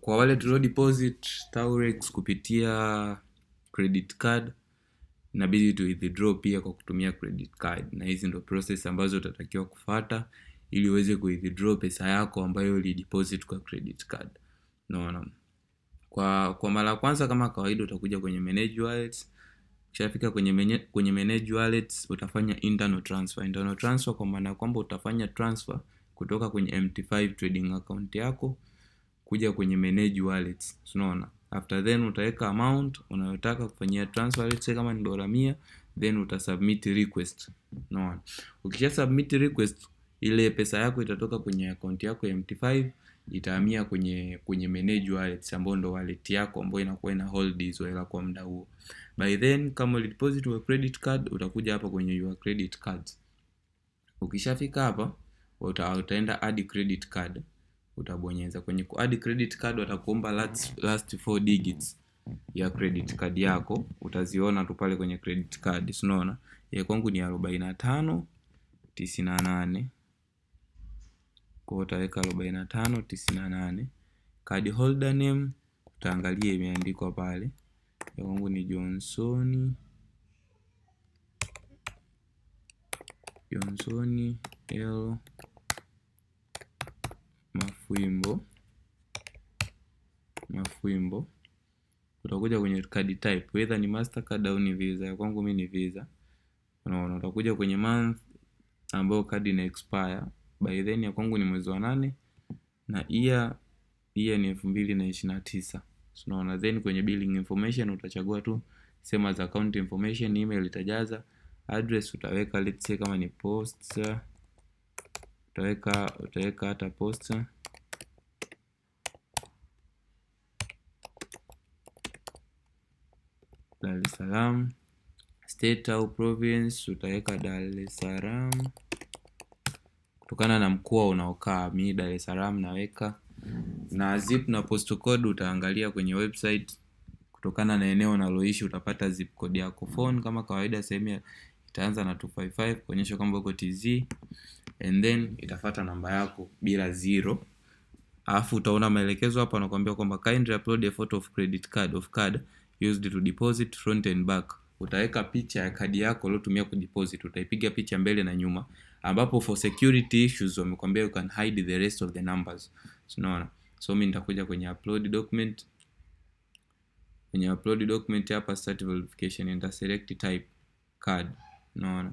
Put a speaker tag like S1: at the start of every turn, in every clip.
S1: kwa wale tulio deposit taurex kupitia credit card inabidi tu withdraw pia kwa kutumia credit card na hizi ndo process ambazo utatakiwa kufata ili uweze kuwithdraw pesa yako ambayo ulideposit kwa credit card unaona kwa kwa mara ya kwanza kama kawaida utakuja kwenye manage wallets ukishafika kwenye menye, kwenye manage wallets utafanya internal transfer internal transfer kwa maana kwamba utafanya transfer kutoka kwenye mt5 trading account yako kuja kwenye manage wallets unaona after then utaweka amount unayotaka kufanyia transfer let's say kama ni dola 100, then utasubmit request unaona ukisha submit request ile pesa yako itatoka kwenye account yako ya MT5 itahamia kwenye kwenye manage wallets ambayo ndo wallet yako ambayo inakuwa ina hold hizo hela kwa muda huo. By then kama deposit kwa credit card utakuja hapa kwenye your credit cards. Ukishafika hapa uta, utaenda add credit card utabonyeza kwenye kuadd credit card, watakuomba last, last four digits ya credit card yako, utaziona tu pale kwenye credit card. Unaona ya kwangu ni arobaini na tano tisini na nane kwa utaweka arobaini na tano tisini na nane Card holder name utaangalia imeandikwa pale, ya kwangu ni Johnsoni Johnsoni L mafuimbo mafuimbo utakuja kwenye card type, whether ni Mastercard au ni Visa. Ya kwangu mimi ni Visa. Unaona, utakuja kwenye month ambayo card ina expire by then, ya kwangu ni mwezi wa nane na year year ni elfu mbili na ishirini na tisa. Unaona, then kwenye billing information utachagua tu sema za account information, email itajaza, address utaweka, let's say kama ni post utaweka utaweka hata post Dar es Salaam. State au province utaweka Dar es Salaam kutokana na mkoa unaokaa. Mi Dar es Salaam naweka, na zip na postal code utaangalia kwenye website kutokana na eneo unaloishi utapata zip code yako. Phone kama kawaida, sehemu itaanza na 255 kuonyesha kwamba uko TZ, and then itafata namba yako bila zero. Alafu utaona maelekezo hapa, anakuambia kwamba kindly upload a photo of credit card of card used to deposit front and back utaweka picha ya kadi yako uliotumia kudeposit, utaipiga picha mbele na nyuma, ambapo for security issues wamekwambia you can hide the rest of the numbers. Unaona, so mimi nitakuja kwenye upload document, kwenye upload document hapa start verification, nita select type card. Unaona,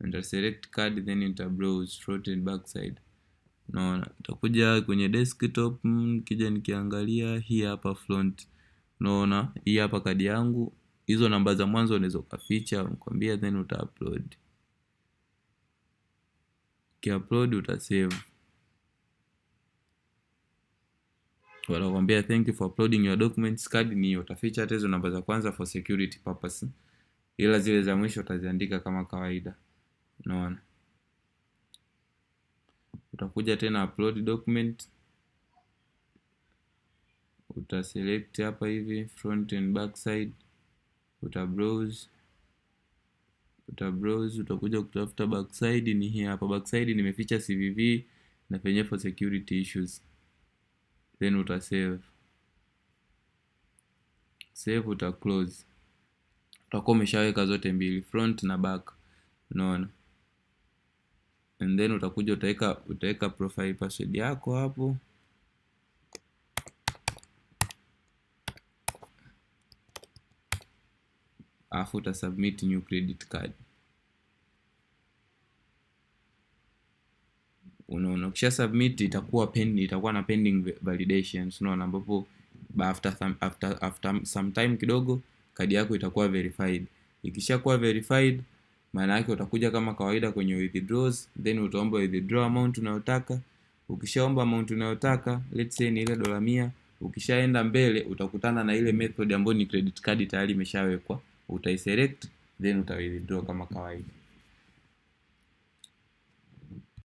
S1: nita select card then nita browse front and back side. Unaona, nitakuja kwenye desktop, mm, nikija nikiangalia hii hapa front unaona hii hapa kadi yangu hizo namba za mwanzo unaweza ukaficha unakwambia then uta upload ukiupload utasave wanakuambia thank you for uploading your documents card ni utaficha hata hizo namba za kwanza for security purpose ila zile za mwisho utaziandika kama kawaida unaona utakuja tena upload document select hapa hivi front and back side, utabrowse utabrowse, utakuja kutafuta side. Ni hii hapa backside, nimeficha CVV na penyewe for security issues, then utasave save, uta close, utakuwa umeshaweka zote mbili front na back, unaona and then utakuja utaweka utaweka profile password yako hapo. alafu uta submit new credit card unaona ukisha submit itakuwa pending, itakuwa na pending validations unaona ambapo after, after, after some time kidogo kadi yako itakuwa verified ikishakuwa verified maana yake utakuja kama kawaida kwenye withdraws then utaomba withdraw amount unayotaka ukishaomba amount unayotaka let's say ni ile dola mia ukishaenda mbele utakutana na ile method ambayo ni credit card tayari imeshawekwa utaiselect then utawithdraw kama kawaida